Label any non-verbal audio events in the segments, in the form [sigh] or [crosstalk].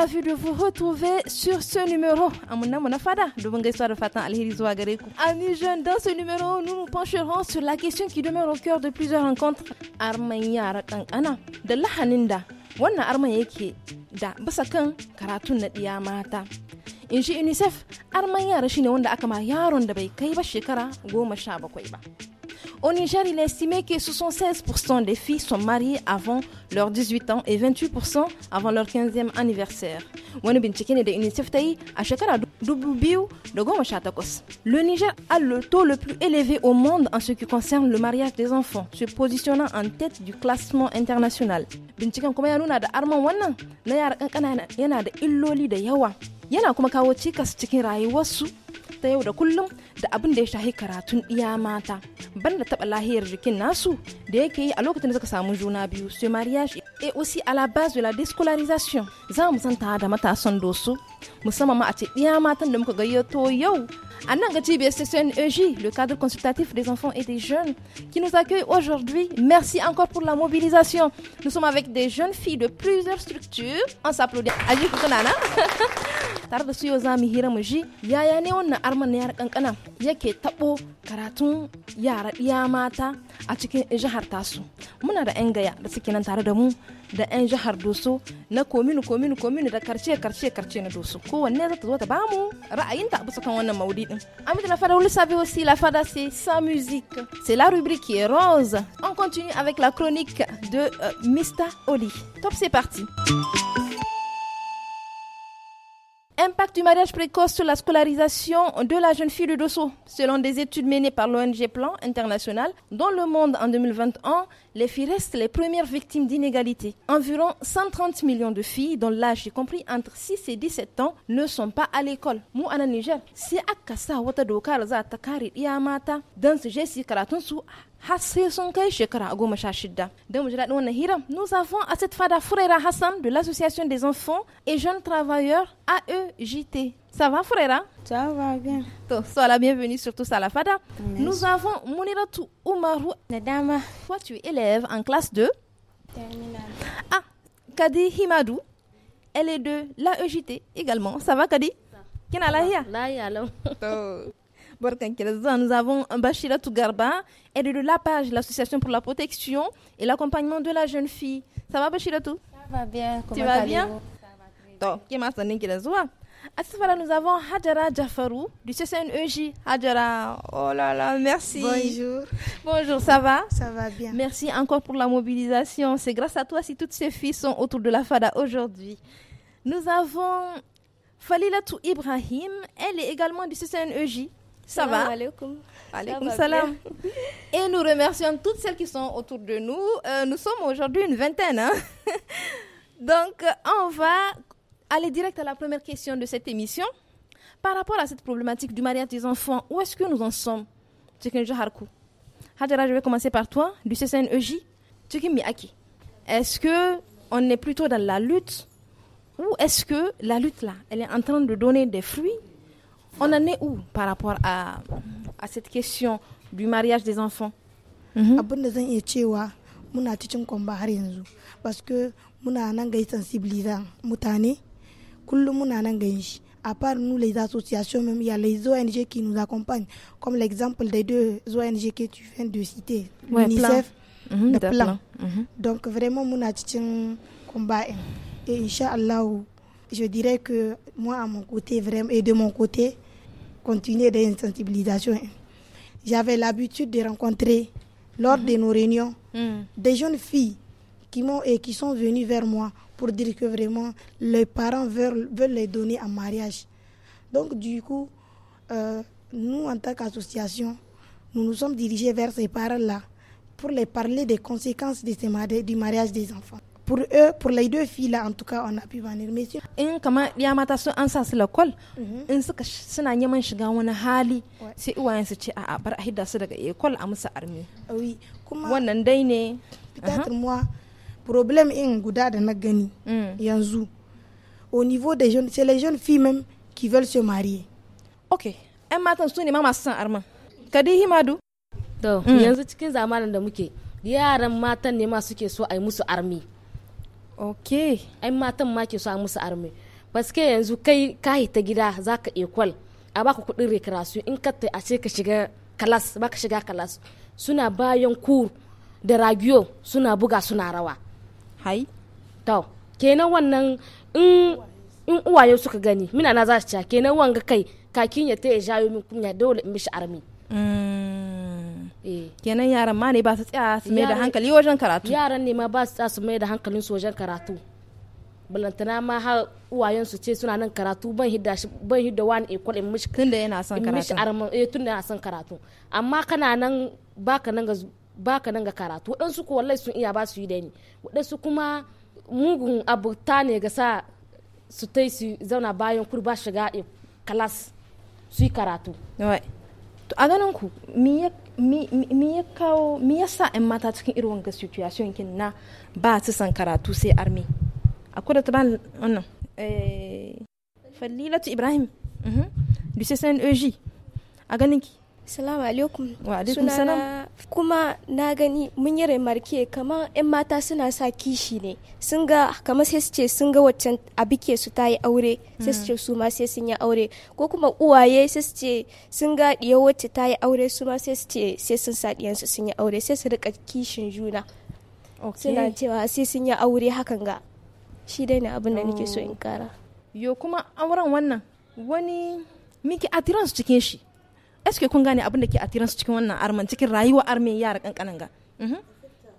Ravi de vous retrouver sur ce numéro. Amuna Monafada, de Fatan Amis jeunes, dans ce numéro, nous nous pencherons sur la question qui demeure au cœur de plusieurs rencontres. Armanya aratangana. de la Haninda. Wannan arman yake da bisa kan karatun na ɗiya mata. UNICEF, arman yara wanda aka ma yaron da bai kai ba shekara goma ba. Au Niger, il est estimé que 76% des filles sont mariées avant leurs 18 ans et 28% avant leur 15e anniversaire. Le Niger a le taux le plus élevé au monde en ce qui concerne le mariage des enfants, se positionnant en tête du classement international. da abin da ya shahi karatun iya mata da taɓa lahiyar jikin nasu da yake yi a lokacin da suka samu juna biyu su mariage et aussi à la base de la déscolarisation za mu santa da matasan dosu musamman ma a ce ɗiya da muka gayyato yau à Nangatibi SSNEJ, le cadre consultatif des enfants et des jeunes, qui nous accueille aujourd'hui. Merci encore pour la mobilisation. Nous sommes avec des jeunes filles de plusieurs structures. On s'applaudit. Aji Kukanana. [laughs] Tarda su yoza mi yaya ne wannan arman yar kankana yake tabo karatun yara iya mata a cikin jihar tasu. Muna da 'yan gaya da suke nan tare da mu de un jihar de na kominu kominu kominu da na zo ta la fada vous aussi la fada c'est sans musique c'est la rubrique qui est rose on continue avec la chronique de Mr. Euh, Mista Oli top c'est parti Impact du mariage précoce sur la scolarisation de la jeune fille de Dosso. Selon des études menées par l'ONG Plan International, dans le monde en 2021, les filles restent les premières victimes d'inégalités. Environ 130 millions de filles, dont l'âge y compris entre 6 et 17 ans, ne sont pas à l'école. Mu Niger, si akasa wata dokar za ta kai shekara mu ji daɗin wannan nous avons à cette fada Furera Hassan de l'Association des enfants et jeunes travailleurs AEJT. Ça va Furera Ça va bien. sois la bienvenue sur tout la fada. Nous avons Mouniratou Oumarou. Nadama. Toi, tu es élève en classe 2 Terminale. Ah, Kadi Himadou. Elle est de l'AEJT également. Ça va Kadi Kina lahiya? Lahiya lau. [laughs] Nous avons Bachira Tougarba, elle est de la page, l'association pour la protection et l'accompagnement de la jeune fille. Ça va Bachira Tou Ça va bien, comment tu vas bien Ça va très bien. À ce moment-là, nous avons Hadjara Jafarou du CCNEJ. Hadjara, oh là là, merci. Bonjour. Bonjour, ça va Ça va bien. Merci encore pour la mobilisation. C'est grâce à toi si toutes ces filles sont autour de la FADA aujourd'hui. Nous avons Tou Ibrahim, elle est également du CCNEJ. Ça va salam. Et nous remercions toutes celles qui sont autour de nous. Euh, nous sommes aujourd'hui une vingtaine. Hein. [laughs] Donc, euh, on va aller direct à la première question de cette émission. Par rapport à cette problématique du mariage des enfants, où est-ce que nous en sommes je vais commencer par toi, du CCNEJ. Est-ce que on est plutôt dans la lutte ou est-ce que la lutte là, elle est en train de donner des fruits on en est où par rapport à, à cette question du mariage des enfants mhm. abin da zan iya cewa muna cikin kwamba har yanzu baske muna nan gai mutane kullum muna nan à part nous les associations même il y a les ONG qui nous accompagnent comme l'exemple des deux ONG que tu viens de citer ouais, UNICEF plan. plan, donc vraiment muna cikin combat et inchallah je dirais que moi à mon côté vraiment et de mon côté continuer des sensibilisations. J'avais l'habitude de rencontrer, lors de nos réunions, hmm. des jeunes filles qui, et qui sont venues vers moi pour dire que vraiment, les parents veulent, les donner en mariage. Donc, du coup, euh, nous, en tant qu'association, nous nous sommes dirigés vers ces parents-là pour les parler des conséquences de ces du mariage des enfants pour eux, pour les deux filles-là, en tout cas, on a pu venir. Messieurs. In kama ya mata sun an sa su lakol, mhm. in suka suna neman shiga wani hali, sai uwayen su ce a'a bar a hidda su daga ekol a musu armi. Oui, kuma wannan dai ne. Peut-être moi, problème in guda da na gani mm. yanzu. Au niveau des jeunes, c'est les jeunes filles même qui veulent se marier. Ok, ‘yan matan su ne ma masu son arman. Kadihi donc To, mm. yanzu cikin zamanin da muke, yaran matan ne ma suke so a yi musu army. ok ai matan ma ke so a musu arme que yanzu kai ka ta gida za ka ekwal a baka kudin rekarasu in ka a ce ka shiga kalas baka shiga kalas suna bayan kur da ragiyo suna buga suna rawa hai to kenan wannan in in uwaye suka gani mina na za su ci kenan wanga kai kakin ya ta ya jayo min kunya dole in mishi armi mm. Eh. kenan yaran ma ne ba su tsaya su mai da hankali wajen karatu yaran ne ma ba su tsaya su mai da hankalin su wajen karatu balantana ma har uwayen su ce suna nan karatu ban hidda shi ban hidda wani ekol in mishi tunda yana son karatu arman eh tunda yana son karatu amma kana nan baka nan ga baka nan ga karatu waɗansu ko wallahi sun iya ba su yi da ni waɗansu kuma mugun abuta ne ga sa su tai su zauna bayan kurba shiga kalas eh, su yi karatu to a ganin ku me mi ya kawo mi ya sa 'yan mata cikin irin wanga situation kin na ba su san karatu sai army akwai da ta ba wannan eh, fallilatu ibrahim mhm, du CNEJ a ganin ki Salamu alaikum. Wa alaikum salam. Kuma na gani mun yi remarke kamar 'yan mata suna sa kishi ne. Sun ga kamar sai su ce sun ga waccan a bike su ta yi aure sai su ce hmm. su ma sai sun yi aure. Ko kuma uwaye sai su ce sun ga ɗiya wacce ta yi aure su ma sai su ce sai sun sa ɗiyansu sun yi aure sai su rika kishin juna. Suna cewa sai sun yi aure hakan ga. Shi dai ne abin da nake so in kara. Oh. Yo kuma auren wannan wani miki atiransu cikin shi. que kun gane abin da ke atiran su cikin wannan arman cikin rayuwa armen yara kankanan ga mhm.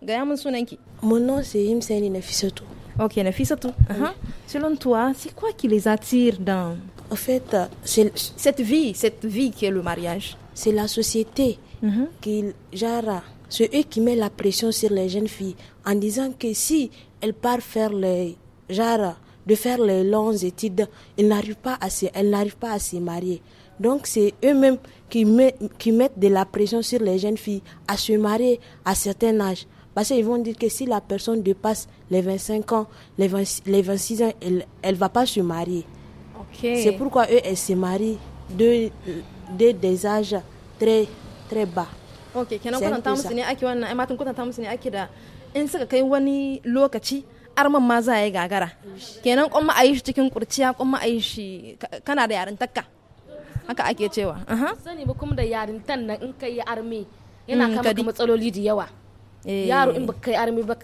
gaya mun sunanki mon nom c'est na fisatu Ok, na fisatu mhm. Selon toi, c'est quoi qui les attire dans... En fait, euh, c'est... Cette vie, cette vie qui est le mariage. C'est la société mhm. qui... Jara, euh, c'est eux qui mettent la pression sur les jeunes filles en disant que si elles partent faire les... Jara, euh, de faire les longues études, elles n'arrivent pas à se, elles n'arrivent pas à se marier. Donc c'est eux-mêmes qui, qui mettent de la pression sur les jeunes filles à se marier à certains âges. Parce qu'ils vont dire que si la personne dépasse les 25 ans, les, 26 ans, elle ne va pas se marier. C'est pourquoi eux, elles se marient dès de, des âges très, très bas. Ok, haka ake cewa sani ba kuma da yarintan nan in kai armi yana mm, kama ka matsaloli da yawa eh. yaro in ba kai armi ba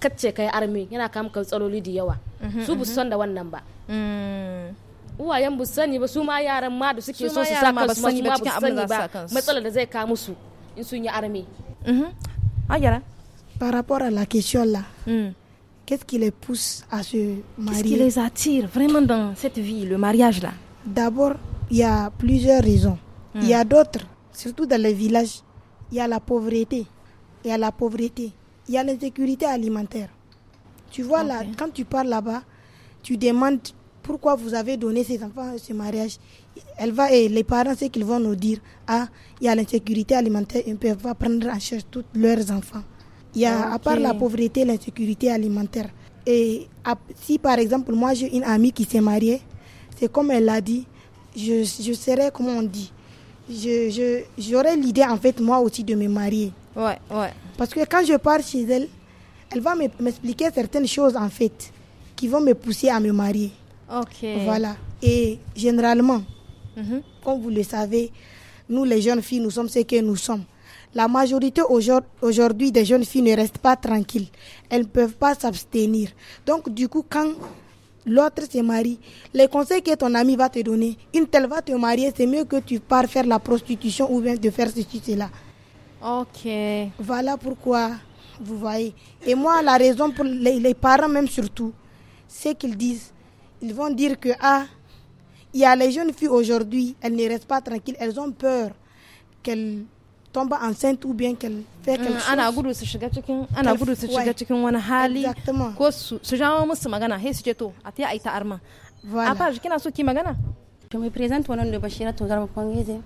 kacce kai armi yana kama ka matsaloli da yawa mm-hmm, su bu mm-hmm. son da wannan ba mm. uwayen bu sani ba su ma yaran ma da suke so su sa kansu su ma bu sani ba matsalar da zai ka musu in sun yi armi mm-hmm. Ayara. Ah, Par rapport à la question là, mm. qu'est-ce qui les pousse à se marier Qu'est-ce qui les attire vraiment dans cette vie, le mariage là D'abord, il y a plusieurs raisons. Il y a hmm. d'autres, surtout dans les villages, il y a la pauvreté. Il y a la pauvreté. Il y a l'insécurité alimentaire. Tu vois, là, quand tu parles là-bas, tu demandes pourquoi vous avez donné ces enfants ce mariage. Elle va, et les parents, c'est qu'ils vont nous dire Ah, il y a l'insécurité alimentaire, ils ne peuvent pas prendre en charge tous leurs enfants. Il y a, à part la pauvreté, l'insécurité alimentaire. Et si par exemple, moi j'ai une amie qui s'est mariée, c'est comme elle l'a dit, je, je serais, comment on dit, j'aurais je, j'aurais l'idée en fait moi aussi de me marier. Ouais, ouais. Parce que quand je pars chez elle, elle va m'expliquer certaines choses en fait qui vont me pousser à me marier. Ok. Voilà. Et généralement, mm-hmm. comme vous le savez, nous les jeunes filles, nous sommes ce que nous sommes. La majorité aujourd'hui des jeunes filles ne restent pas tranquilles. Elles ne peuvent pas s'abstenir. Donc du coup, quand l'autre se marie. Les conseils que ton ami va te donner, une telle va te marier, c'est mieux que tu pars faire la prostitution ou bien de faire ceci, cela. Ok. Voilà pourquoi, vous voyez. Et moi, la raison pour les, les parents, même surtout, c'est qu'ils disent, ils vont dire que, ah, il y a les jeunes filles aujourd'hui, elles ne restent pas tranquilles, elles ont peur qu'elles tombe enceinte ou bien qu'elle fait euh, quelque chose. Ana gudu su shiga cikin ana gudu su shiga cikin wani hali ko su su jawo musu magana he su je to a ta aita arma. Voilà. Après, kina so ki magana? Je me présente au nom de Bachira Togar Mpangese.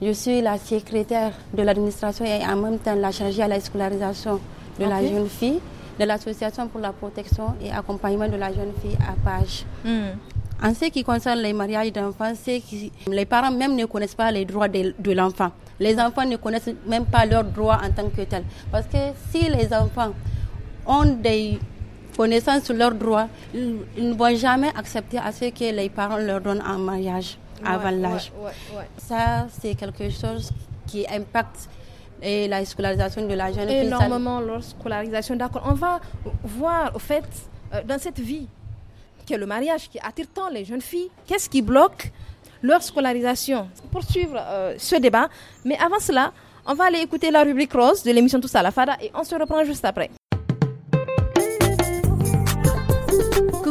Je suis la secrétaire de l'administration et en même temps la chargée à la scolarisation de okay. la jeune fille de l'association pour la protection et accompagnement de la jeune fille à Page. Mm. En ce qui concerne les mariages d'enfants, les parents même ne connaissent pas les droits de, l'enfant. Les enfants ne connaissent même pas leurs droits en tant que tels. Parce que si les enfants ont des connaissances sur leurs droits, ils, ne vont jamais accepter à ce que les parents leur donnent en mariage avant l'âge. Ça, c'est quelque chose qui impacte la scolarisation de la jeune fille. Énormément leur scolarisation, d'accord. On va voir, au fait, euh, dans cette vie, est le mariage qui attire tant les jeunes filles. Qu'est-ce qui bloque leur scolarisation Poursuivre euh, ce débat. Mais avant cela, on va aller écouter la rubrique rose de l'émission Tous à la Fada et on se reprend juste après.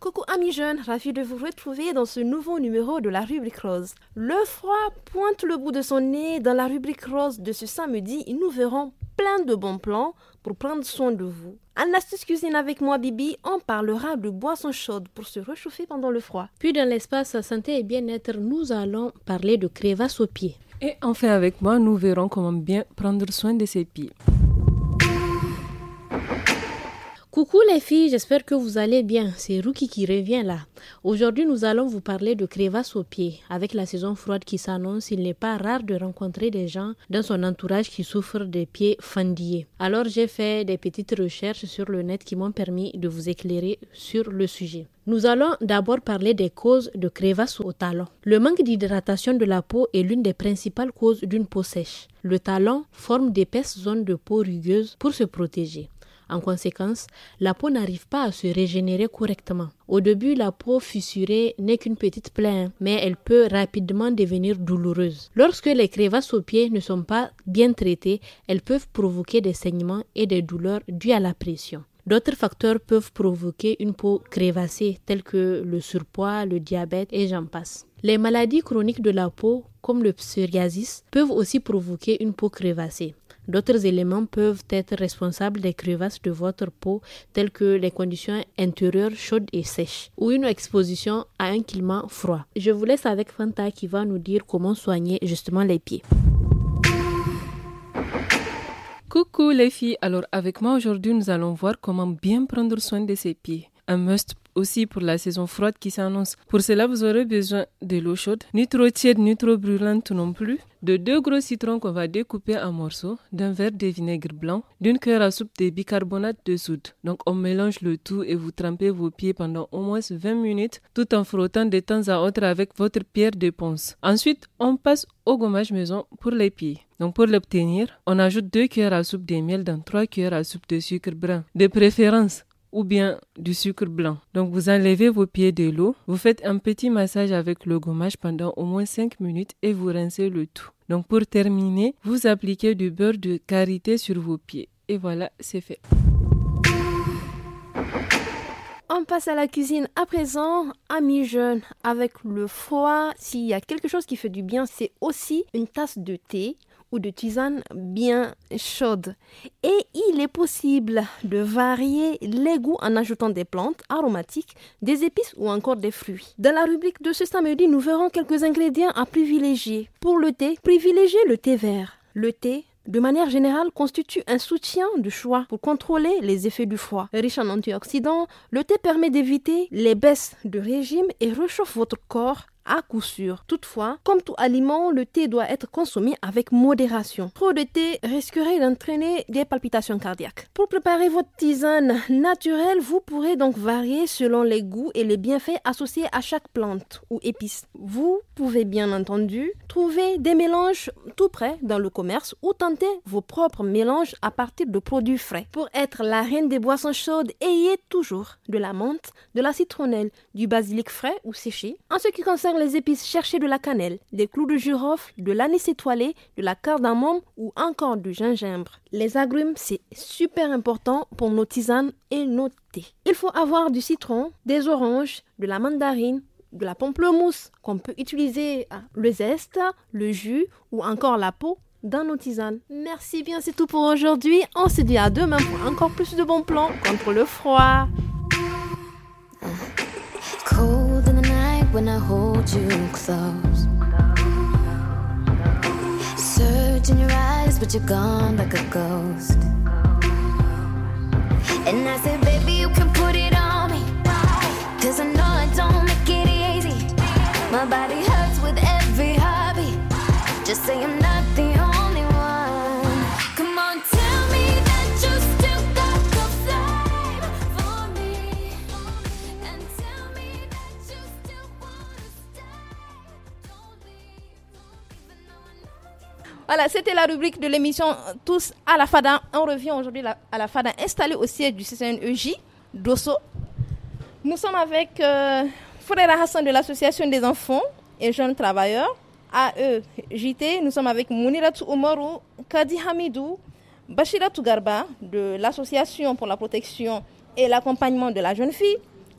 Coucou amis jeunes, ravi de vous retrouver dans ce nouveau numéro de la rubrique rose. Le froid pointe le bout de son nez. Dans la rubrique rose de ce samedi, et nous verrons plein de bons plans pour prendre soin de vous. En cuisine avec moi Bibi, on parlera de boissons chaudes pour se réchauffer pendant le froid. Puis dans l'espace santé et bien-être, nous allons parler de crevasses aux pieds. Et enfin avec moi, nous verrons comment bien prendre soin de ses pieds. Coucou les filles, j'espère que vous allez bien. C'est Ruki qui revient là. Aujourd'hui, nous allons vous parler de crevasses aux pieds. Avec la saison froide qui s'annonce, il n'est pas rare de rencontrer des gens dans son entourage qui souffrent des pieds fendillés. Alors, j'ai fait des petites recherches sur le net qui m'ont permis de vous éclairer sur le sujet. Nous allons d'abord parler des causes de crevasses au talon. Le manque d'hydratation de la peau est l'une des principales causes d'une peau sèche. Le talon forme d'épaisses zones de peau rugueuse pour se protéger. En conséquence, la peau n'arrive pas à se régénérer correctement. Au début, la peau fissurée n'est qu'une petite plaie, hein, mais elle peut rapidement devenir douloureuse. Lorsque les crevasses aux pieds ne sont pas bien traitées, elles peuvent provoquer des saignements et des douleurs dues à la pression. D'autres facteurs peuvent provoquer une peau crévassée, tels que le surpoids, le diabète et j'en passe. Les maladies chroniques de la peau, comme le psoriasis, peuvent aussi provoquer une peau crévassée. D'autres éléments peuvent être responsables des crevasses de votre peau, telles que les conditions intérieures chaudes et sèches, ou une exposition à un climat froid. Je vous laisse avec Fanta qui va nous dire comment soigner justement les pieds. Coucou les filles, alors avec moi aujourd'hui nous allons voir comment bien prendre soin de ses pieds. Un must aussi pour la saison froide qui s'annonce. Pour cela, vous aurez besoin de l'eau chaude, ni trop tiède, ni trop brûlante non plus, de deux gros citrons qu'on va découper en morceaux, d'un verre de vinaigre blanc, d'une cuillère à soupe de bicarbonate de soude. Donc on mélange le tout et vous trempez vos pieds pendant au moins 20 minutes tout en frottant de temps à autre avec votre pierre de ponce. Ensuite, on passe au gommage maison pour les pieds. Donc pour l'obtenir, on ajoute deux cuillères à soupe de miel dans trois cuillères à soupe de sucre brun, de préférence ou bien du sucre blanc. Donc vous enlevez vos pieds de l'eau, vous faites un petit massage avec le gommage pendant au moins 5 minutes et vous rincez le tout. Donc pour terminer, vous appliquez du beurre de karité sur vos pieds. Et voilà, c'est fait. On passe à la cuisine à présent, amis jeunes, avec le froid. S'il y a quelque chose qui fait du bien, c'est aussi une tasse de thé de tisane bien chaude. Et il est possible de varier les goûts en ajoutant des plantes aromatiques, des épices ou encore des fruits. Dans la rubrique de ce samedi, nous verrons quelques ingrédients à privilégier. Pour le thé, privilégiez le thé vert. Le thé, de manière générale, constitue un soutien de choix pour contrôler les effets du froid. Riche en antioxydants, le thé permet d'éviter les baisses de régime et réchauffe votre corps à coup sûr. Toutefois, comme tout aliment, le thé doit être consommé avec modération. Trop de thé risquerait d'entraîner des palpitations cardiaques. Pour préparer votre tisane naturelle, vous pourrez donc varier selon les goûts et les bienfaits associés à chaque plante ou épice. Vous pouvez bien entendu trouver des mélanges tout près dans le commerce ou tenter vos propres mélanges à partir de produits frais. Pour être la reine des boissons chaudes, ayez toujours de la menthe, de la citronnelle, du basilic frais ou séché. En ce qui concerne les épices, cherchez de la cannelle, des clous de girofle, de l'anis étoilé, de la cardamome ou encore du gingembre. Les agrumes, c'est super important pour nos tisanes et nos thés. Il faut avoir du citron, des oranges, de la mandarine, de la pamplemousse qu'on peut utiliser ah, le zeste, le jus ou encore la peau dans nos tisanes. Merci bien, c'est tout pour aujourd'hui. On se dit à demain pour encore plus de bons plans contre le froid. but you're gone like a ghost. Voilà, c'était la rubrique de l'émission Tous à la FADA. On revient aujourd'hui à la FADA installée au siège du CCNEJ d'Osso. Nous sommes avec euh, Frère Hassan de l'Association des enfants et jeunes travailleurs, AEJT. Nous sommes avec Mouniratou Oumarou, Kadi Hamidou, Bashira Tugarba de l'Association pour la protection et l'accompagnement de la jeune fille,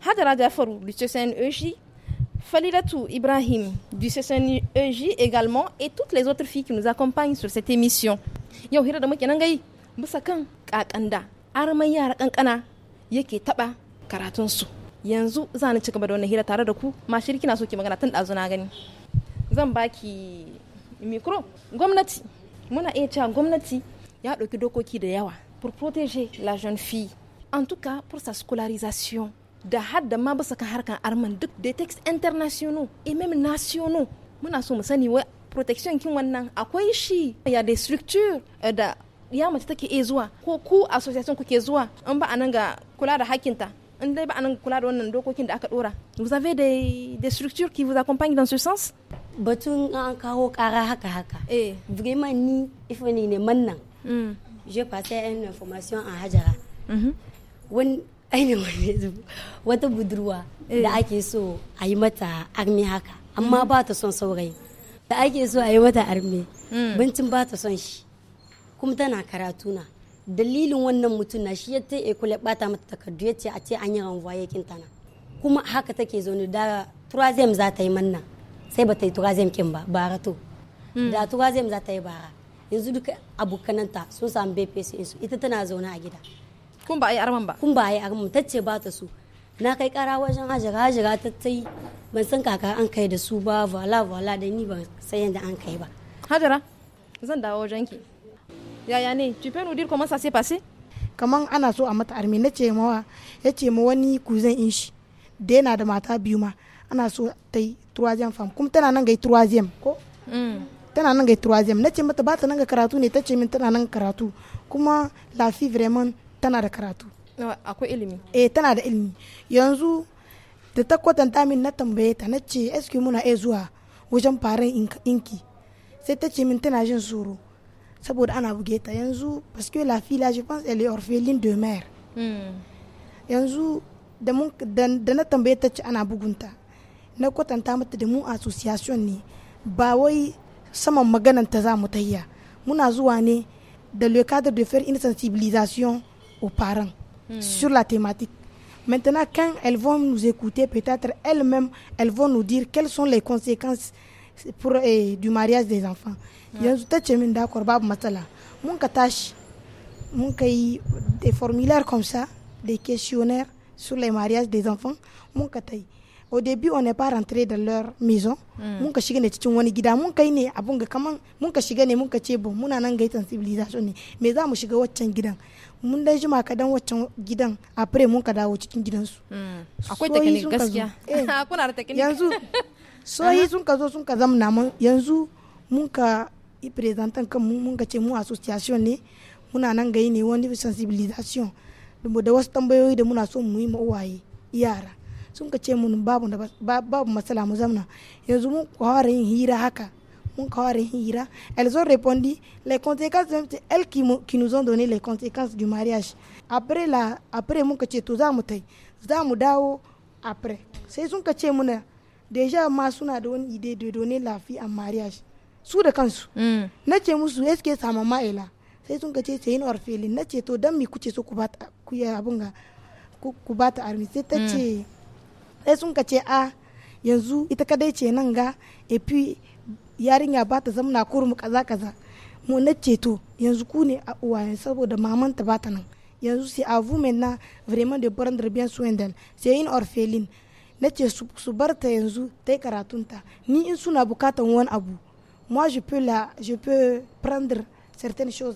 Hadra Diafarou du CCNEJ Falilatou Ibrahim du CCNEJ également et toutes les autres filles qui nous accompagnent sur cette émission. Yo hira da muke nan gai bisa kakanda arman yara kankana yake taba karatun su. Yanzu za ni cigaba da wannan hira tare da ku ma kina so ki magana tun dazu na gani. Zan baki micro gwamnati muna iya cewa gwamnati ya ɗauki dokoki da yawa pour protéger la jeune fille en tout cas pour sa scolarisation da hadda da ma bisa kan harkan arman duk da text international et même nationaux muna so mu sani wai protection kin wannan akwai shi ya da structure eh, da ya mace take iya zuwa ko ku association kuke zuwa in ba anan ga kula da hakinta in dai ba anan ga kula da wannan dokokin da aka dora vous avez des des structures qui vous accompagnent dans ce sens batun an kawo kara haka haka eh vraiment ni ifani ne mannan mm. je passais une information en hajara mm-hmm. wani ainihin wata budurwa eh. da ake so a yi mata armi haka amma mm. ba ta son saurayi da ake so a yi mata armi mm. bincin ba ta son shi kuma tana karatu na dalilin wannan mutum na shi ya ta ekule bata mata takardu ya ce a ce an yi ranwa ya na. kuma haka take zaune da turazem za ta yi manna sai ba ta yi turazem kin ba bara to mm. da turazem za ta yi bara yanzu duka abokananta sun samu bps ita tana zaune a gida kun ba a yi arman ba kun ba a yi arman tacce ba ta su na kai kara wajen ajiga ajiga ta ta yi ban san kaka an kai da su ba vala vala da ni ban san yadda an kai ba hajara zan dawo wajen ki yaya ne tu peux kuma dire comment ça Kamar ana so a mata arme na ce mawa ya ce ma wani kuzan in shi da yana da mata biyu ma ana so ta yi troisième fam kuma tana nan ga yi troisième ko mm. tana nan ga yi troisième na ce mata ba ta nan ga karatu ne ta ce min tana nan karatu kuma la fille vraiment tana da karatu akwai ilimi eh tana da ilimi yanzu da ta kwatanta min na tambaye ta na ce eski muna iya zuwa wajen faran inki sai ta ce min tana jin tsoro saboda ana buge ta yanzu parce la village je pense elle est orpheline de mère hmm. yanzu da mun da na tambaye ta ce ana bugunta na kwatanta mata da mu association ne ba wai saman maganan ta za mu tayya muna zuwa ne da le cadre de faire une sensibilisation aux parents sur la thématique. Maintenant, quand elles vont nous écouter, peut-être elles-mêmes, elles vont nous dire quelles sont les conséquences pour, eh, du mariage des enfants. il Je suis d'accord matala mon ka des formulaires comme ça, des questionnaires sur les mariages des enfants, mon ka au début on n'est pas rentré dans leur maison hmm. mun ka shiga ne cikin wani gida mun kai ne abun ga kaman mun ka shiga ne mun ka ce bon muna nan gai sensibilisation ne me za mu shiga waccan gidan mun dai jima ka dan waccan gidan après mun ka dawo cikin gidansu hmm. akwai technique gaskiya eh. [laughs] kuna da technique yanzu [laughs] yi sun ka zo sun ka zamna mun yanzu mun ka i presentan kan mun ka ce mu association ne muna nan gai ne wani sensibilisation da wasu tambayoyi da muna so mu yi ma uwaye yara sun ka ce mun babu babu matsala mu zamna yanzu mun kawara yin hira haka mun kawara yin hira elles ont répondu les conséquences elles qui, qui nous ont donné les conséquences du mariage après la après mun ka ce to za mu tai za mu dawo après sai sun ka ce mun déjà ma suna da wani idée de donner la fille en mariage su da kansu mm. na ce musu est ce que sa mama ela sai sun ka ce sai yin orphelin na ce to dan mi kuce so ku ba ku ya abunga ku ba ta armi sai ta mm. ce sai sun ka ce a ah, yanzu ita kadai ce nan ga epi yarinya ba ta na kurmu kaza kaza mu na ceto yanzu ku ne a uwaye saboda mamanta ba ta nan yanzu sai a vumen na vraiment de prendre bien soin d'elle c'est une orpheline na ce su bar ta yanzu ta yi karatunta ni in suna bukatan wani abu moi je peux la je peux prendre certaines choses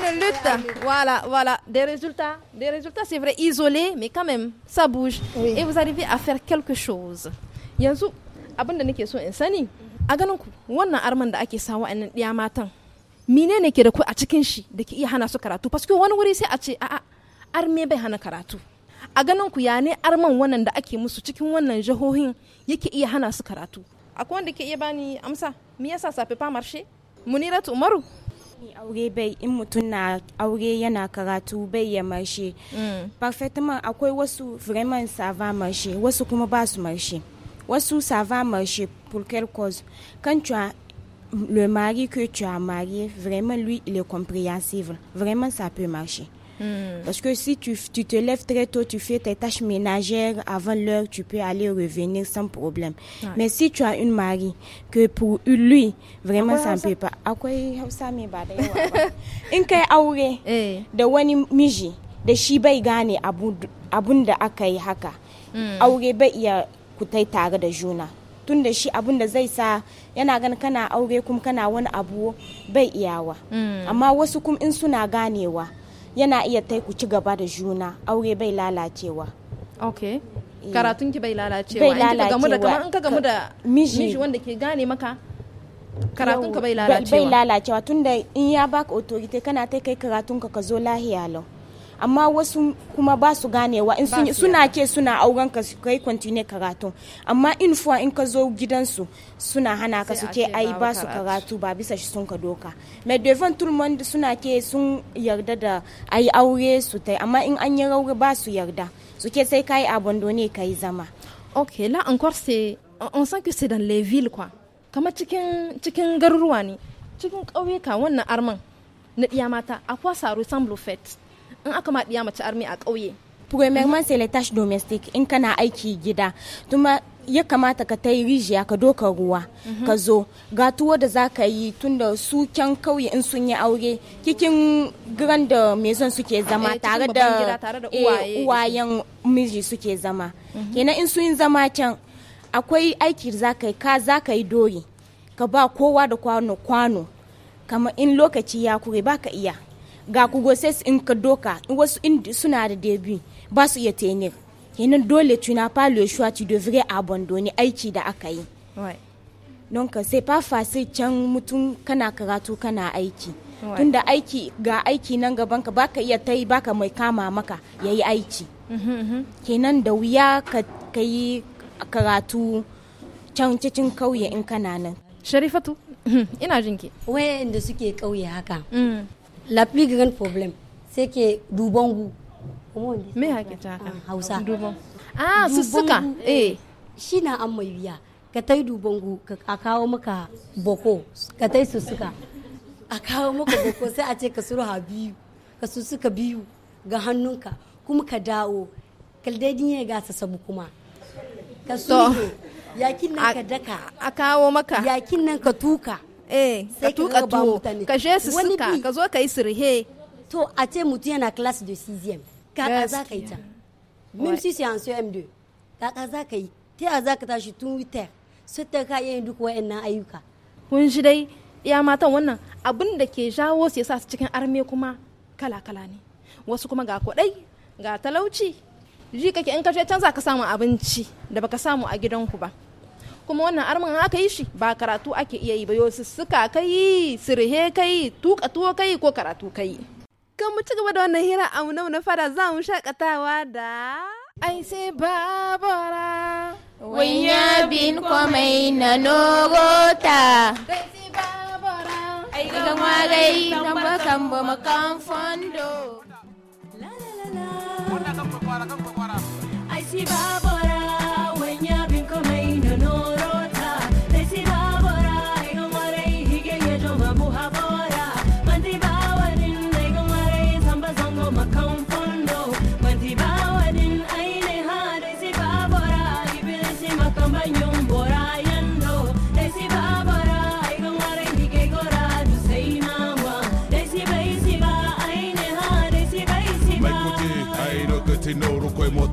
une lutte. Voilà, voilà. Des résultats. Des résultats, c'est vrai, isolés, mais quand même, ça bouge. Oui. Et vous arrivez à faire quelque chose. Yanzu, abin da nake so in sani, a ganin ku, wannan arman da ake sa wa'annan ɗiya matan, mine ne ke da ku a cikin shi da ke iya hana su karatu? Paske que wani wuri sai a ce, a'a, arme bai hana karatu. A ganin ku ya ne arman wannan da ake musu cikin wannan jihohin yake iya hana su karatu? Akwai wanda ke iya bani amsa, me yasa safe fa marshe? Muniratu Umaru, aure bai in aure yana karatu parfaitement mm. akwai wasu vraiment wasu kuma pour quelle cause quand tu as le mari que tu as marié vraiment lui il est compréhensible vraiment ça peut marcher Mm. Parce que si tu, tu, te lèves très tôt, tu fais tes tâches ménagères avant l'heure, tu peux aller revenir sans problème. Ouais. Mais si tu as une mari, que pour lui, vraiment, ça ne peut pas. Akwai hausa me ba da yawa [laughs] In kai aure eh. da wani miji, da shi bai gane abun da aka haka. Mm. Aure bai iya kutai tare da juna. tun da shi abun da zai sa yana gani kana aure kuma kana wani abu bai iyawa mm. amma wasu kuma in suna ganewa yana iya ta ku ci gaba da juna aure bai lalacewa okay karatun ki bai lalacewa in ka gamu da kamar in ka gamu da miji wanda ke gane maka karatun ka bai lalacewa bai lalacewa tunda in ya baka authority kana ta kai karatun ka ka zo lahiya lau amma wasu kuma ba su ganewa in suna ke suna auren ka su kai continue karatu amma in fuwa in ka zo gidansu suna hana ka su ke ai ba su karatu ba bisa shi sun ka doka mai devon turman suna ke sun yarda da ai aure su tai amma in an yi raure ba su yarda su ke sai kai abandone ka yi zama ok la encore c'est on sent que c'est dans les villes quoi kama cikin cikin garuruwa ne cikin ƙauyuka wannan arman na ɗiya mata akwai saro san blue in aka ma mace armi a ƙauye premièrement c'est les tâches in kana aiki gida tuma ya kamata ka tai rijiya ka doka ruwa mhm. ka zo ga tuwo da za ka yi tunda su can kauye in sun yi aure kikin giran da suke zama eh, tare da eh, uwayen miji suke zama mhm. kenan in sun zama can akwai aiki za ka yi ka za ka yi doyi ka ba kowa da kwano kwano Kama in lokaci ya kure ba ka iya ga ku su in ka doka wasu in suna da debi ba su iya tenir kenan dole tuna palo shuwa ci a abandoni aiki da aka yi don ka sai fa fasi can mutum kana karatu kana aiki tunda aiki ga aiki nan gaban ka baka iya ta yi baka mai kama maka ya yi aiki mhm, mhm. kenan da wuya ka yi karatu can cikin kauye in kana nan sharifatu [clears throat] ina jinki wayanda suke kauye haka mm. la plus grande problème c'est que dubangu me haka ta ah, hausa duban ah su suka eh. eh shi na an mai biya ka tai dubangu a kawo maka boko ka tai su suka a kawo maka boko sai a ce ka surha biyu ka su suka biyu ga hannunka kuma ka dawo kaldadin ya gasa sabu kuma ka so yakin nan ka daka aka kawo maka yakin nan ka tuka eh ka tuka tuwo ka je su suka ka zo ka yi sirhe to a ce mutum yana class de 6e ka za ka yi ta même si c'est en CM2 Ka ka za ka yi ta za ka tashi tun 8 su ta ka yin duk wayannan ayyuka kun ji dai ya matan wannan abin da ke jawo su yasa su cikin arme kuma kala-kala ne wasu kuma ga kwaɗai ga talauci ji kake in ka je can za ka samu abinci da baka samu a gidanku ba kuma wannan arman haka yi shi ba karatu ake iya yi ba yau suka kai sirhe kai tuka tuwo kai ko karatu kai kan mu ci gaba da wannan hira a mu na fara za mu shakatawa da ai sai babara wanya bin komai na nogota ai ga kan ba kan makan fondo la la la la ai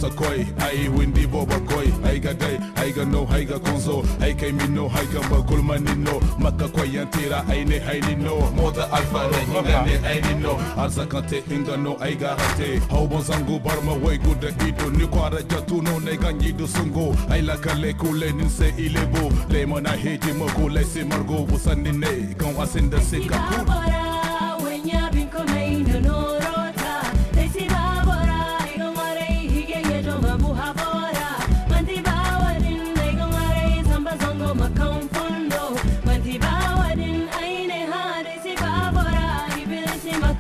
watakoi aiwe ndivo bakoi aigagai aigano haiga konzo aikaimino haigambagulmanino makakwayantira aine hainino moda alfare ingane ainino arzakante ingano aigarate haubo zangu barma waiguda ido nikwarajatuno naiganyido sungo ailakale kule ninse ilebo lemana heji makulai simargo busanine kan asinda sika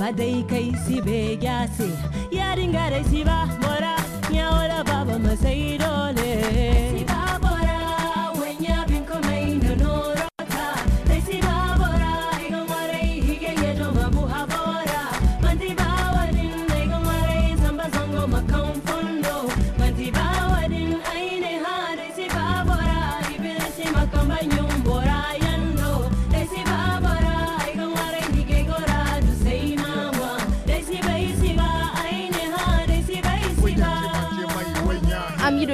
badaika isibegyasi yaringara isiba bora nyaora baba masaidole siba bora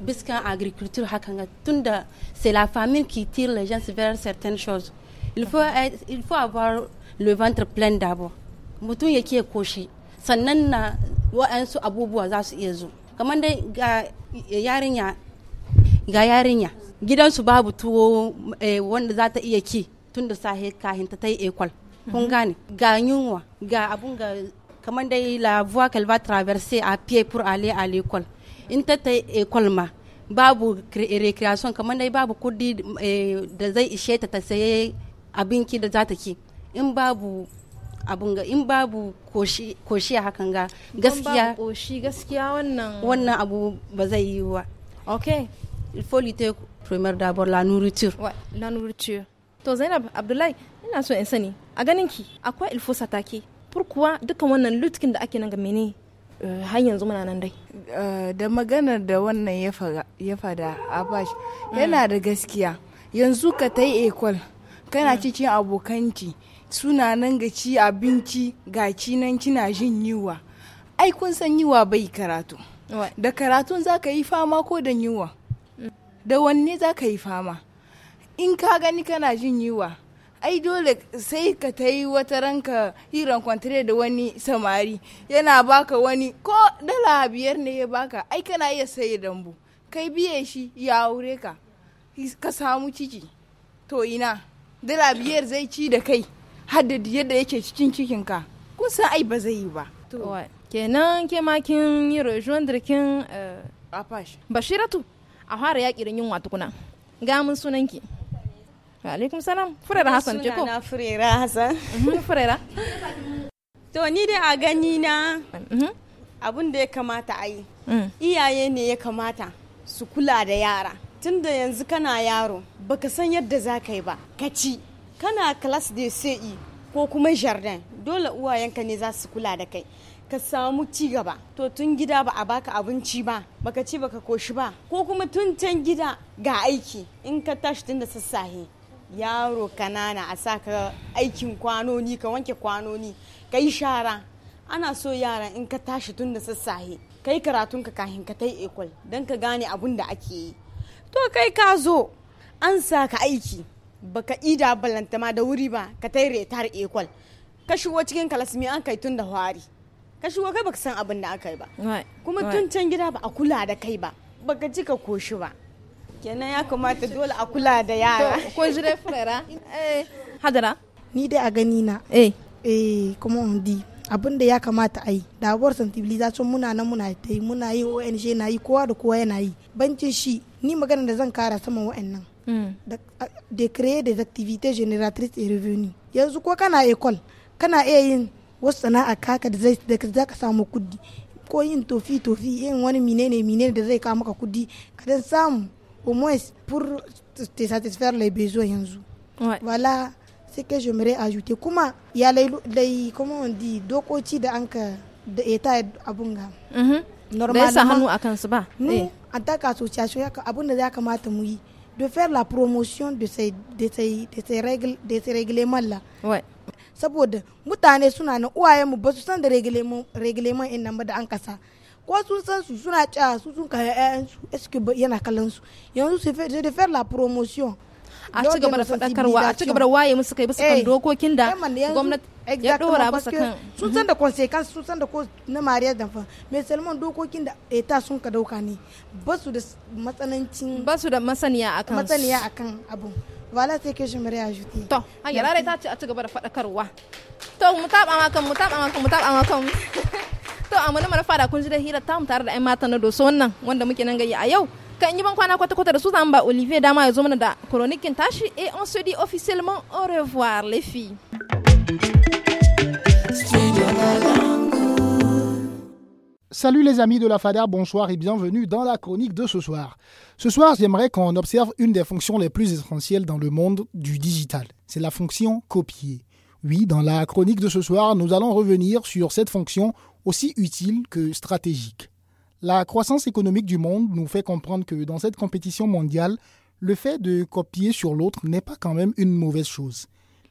Biscuits agriculture nga tunda c'est la famine qui tire les gens vers certaines choses il faut être, il faut avoir le ventre plein d'abord mutum yake koshi sannan na wa'ansu abubuwa za su iya zo kamar dai ga yarinya ga yarinya gidansu babu tuwo eh, wanda za ta iya ki tun da sahe kahin ta yi ekwal kun mhm. gane ga yunwa ga abun ga kamar dai la voie qu'elle va traverser à pied pour aller à l'école in ta ta eh, kwalma ma babu eh, recreation kamar dai babu kudi eh, da zai ishe ta ta saye abinki da za ta ki in babu abun ga in babu koshi a hakan ga gaskiya koshi gaskiya wannan wannan abu ba zai yi wa ok il faut lutter premier d'abord la nourriture ouais, la nourriture to zainab abdullahi ina so in sani a ganin ki akwai il faut s'attaquer pourquoi dukkan wannan lutkin da ake nan ga mene Eh, har yanzu muna nan dai eh, da maganar da wannan ya fada abash yana da gaskiya yanzu ka ta yi ekol kana mm. cikin abokanci suna nan ga ci abinci ga ci nan kina jin yiwa ai kun san yiwa bai karatu da karatun za ka yi fama ko da yiwa mm. da wanne za ka yi fama in ka gani kana jin yiwa ai dole sai ka ta yi wata ranka hiran kwantare da wani samari yana baka wani ko dala biyar ne ya baka ai kana iya saye dambu kai biye shi ya aure ka ka samu ciki to ina dala biyar zai ci da kai har yadda yake cikin cikinka kun san ai ba zai yi ba kenan ke ma kin yi rejoindre Ba eh, apash bashiratu a fara yaƙi yunwa tukuna ga mun sunanki alaikum salam furera hassan ce ko na furera hassan mhm, furera to ni dai a gani na mhm. abin da ya kamata a yi mm. iyaye ne ya kamata su kula da yara tun da yanzu kana yaro baka san yadda za ka yi ba ka ci kana class de sai e ko kuma jardin dole uwayenka ne za su kula da kai ka samu ci gaba to tun gida ba a baka abinci ba baka ci baka koshi ba ko kuma tun can gida ga aiki in ka tashi tun da sassahe yaro kanana a sa ka aikin kwanoni ka wanke kwanoni ka yi shara ana so yara in ka tashi tun da sassahe ka yi ka kahin ka tai ekwal don ka gane abun da ake yi to kai ka zo an sa ka aiki baka ida balantama da wuri ba ka tai retar ekwal ka shigo cikin kalasmi an kai tun da hwari ka shigo kai baka san abin da aka yi ba kuma tun can gida ba a kula da kai ba baka ji ka koshi ba kenan ya kamata dole a kula da yara ko jire furera eh, hadara ni dai a gani na eh eh kuma undi abin da ya kamata a yi da abuwar sensibilization muna nan muna ta yi muna yi ONG na yi kowa da kowa yana yi bancin shi ni magana da zan kara saman wa'annan mm. da créer des activités génératrices et revenus yanzu ko kana école kana iya yin wasu sana'a kaka da zai da ka samu kudi ko yin tofi tofi yin wani menene menene da zai kawo maka kudi ka dan samu au moins pour te satisfaire les besoins yanzu ouais. voilà ce que j'aimerais ajouter kuma il y a les, les comment on dit dokoci da anka da eta abunga mm -hmm. normalement nous hannu akan su ba nous eh. en tant qu'association abun da de faire la promotion de ces de ces de ces règles de ces règlements là ouais saboda mutane suna na uwayen mu ba su san da règlement règlement in nan ba da ko sun san su suna ca su sun kayan ƴaƴansu eske yana kallon su yanzu su de faire la promotion a ci gaba da fadakarwa a ci gaba da waye musu kai bisa kan eh. dokokin da eh, gwamnati ya dora bisa kan sun san mhm. da consequence sun san da ko na mariya da fa me salman dokokin da eta sun ka dauka ne ba su da matsanancin ba su da masaniya akan masaniya akan abu wala sai ke shimare a jute to an yara ta ce a ci gaba da fadakarwa. to mu taba makan mu taba makan mu taba makan [laughs] et on se dit officiellement au revoir les filles Salut les amis de la FADA, bonsoir et bienvenue dans la chronique de ce soir. Ce soir, j'aimerais qu'on observe une des fonctions les plus essentielles dans le monde du digital. C'est la fonction copier. Oui, dans la chronique de ce soir, nous allons revenir sur cette fonction aussi utile que stratégique. La croissance économique du monde nous fait comprendre que dans cette compétition mondiale, le fait de copier sur l'autre n'est pas quand même une mauvaise chose.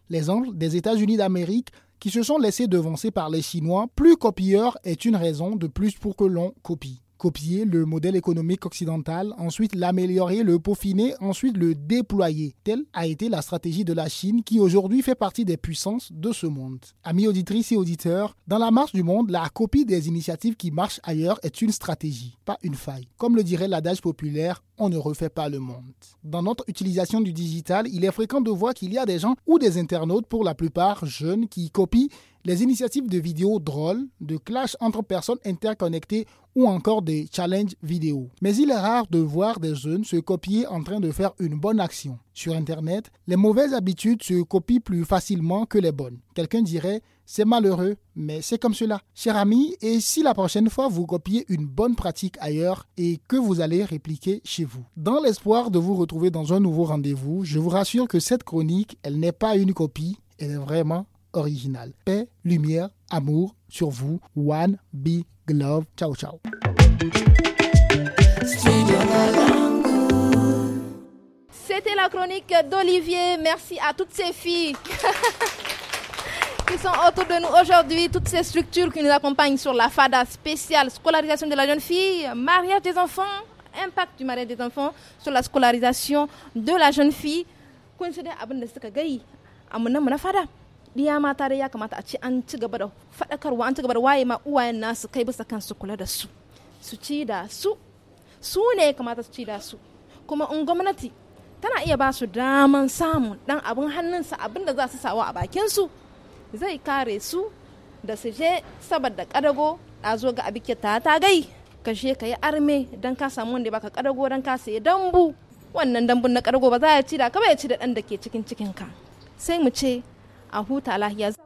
L'exemple des États-Unis d'Amérique qui se sont laissés devancer par les Chinois, plus copieurs est une raison de plus pour que l'on copie copier le modèle économique occidental, ensuite l'améliorer, le peaufiner, ensuite le déployer. Telle a été la stratégie de la Chine qui aujourd'hui fait partie des puissances de ce monde. Amis auditrices et auditeurs, dans la marche du monde, la copie des initiatives qui marchent ailleurs est une stratégie, pas une faille. Comme le dirait l'adage populaire, on ne refait pas le monde. Dans notre utilisation du digital, il est fréquent de voir qu'il y a des gens ou des internautes, pour la plupart jeunes, qui copient les initiatives de vidéos drôles, de clash entre personnes interconnectées ou encore des challenges vidéo. Mais il est rare de voir des jeunes se copier en train de faire une bonne action. Sur Internet, les mauvaises habitudes se copient plus facilement que les bonnes. Quelqu'un dirait, c'est malheureux, mais c'est comme cela. Cher ami, et si la prochaine fois vous copiez une bonne pratique ailleurs et que vous allez répliquer chez vous Dans l'espoir de vous retrouver dans un nouveau rendez-vous, je vous rassure que cette chronique, elle n'est pas une copie, elle est vraiment original. Paix, lumière, amour sur vous. One big love. Ciao, ciao. C'était la chronique d'Olivier. Merci à toutes ces filles [laughs] qui sont autour de nous aujourd'hui, toutes ces structures qui nous accompagnent sur la FADA spéciale scolarisation de la jeune fille, mariage des enfants, impact du mariage des enfants sur la scolarisation de la jeune fille. abonnez la fada. diya mata dai ya kamata a ce an ci gaba da faɗakarwa an ci gaba da waye ma uwayen nasu kai bisa kansu kula da su su ci da su su ne ya kamata su ci da su kuma in gwamnati tana iya ba su daman samun dan abin hannunsa abin da za su sawa a bakin su zai kare su da su je saboda kadago a zo ga abike ta ta gai ka je ka yi arme don ka samu wanda baka kadago don ka sayi dambu wannan dambun na kadago ba za ya ci da ka ya ci da dan da ke cikin cikin ka sai mu ce أهو تالا هي